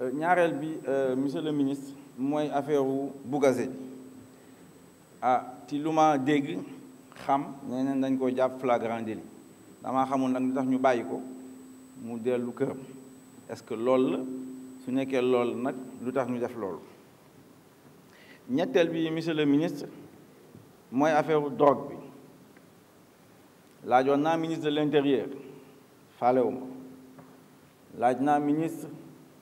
Euh, ñaareel bi euh, monsieur le ministre moy affaire wu Bougazé ah t'iluma lu dégg xam nee dañ ko japp flagrant délit damaa xamul nak tax ñu bayiko mu déllu est-ce que lool ce su que lool nak lutax ñu def lool ñetteel bi monsieur le ministre moy affaire drogue bi laajoon ministre de l'intérieur faléwuma laaj ministre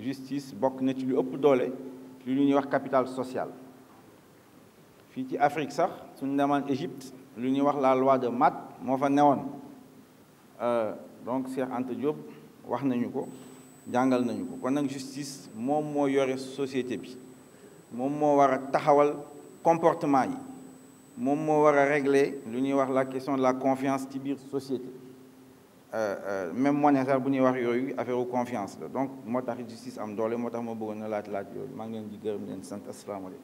justice bok na ci lu ëpp capital social Afrique sax Égypte la loi de Mat fa euh, donc Cheikh wax nañu ko nañu ko justice moom moo société bi comportement yi moom régler la question de la confiance ci la société euh, euh, même moi-même, bu confiance donc suis justice am suis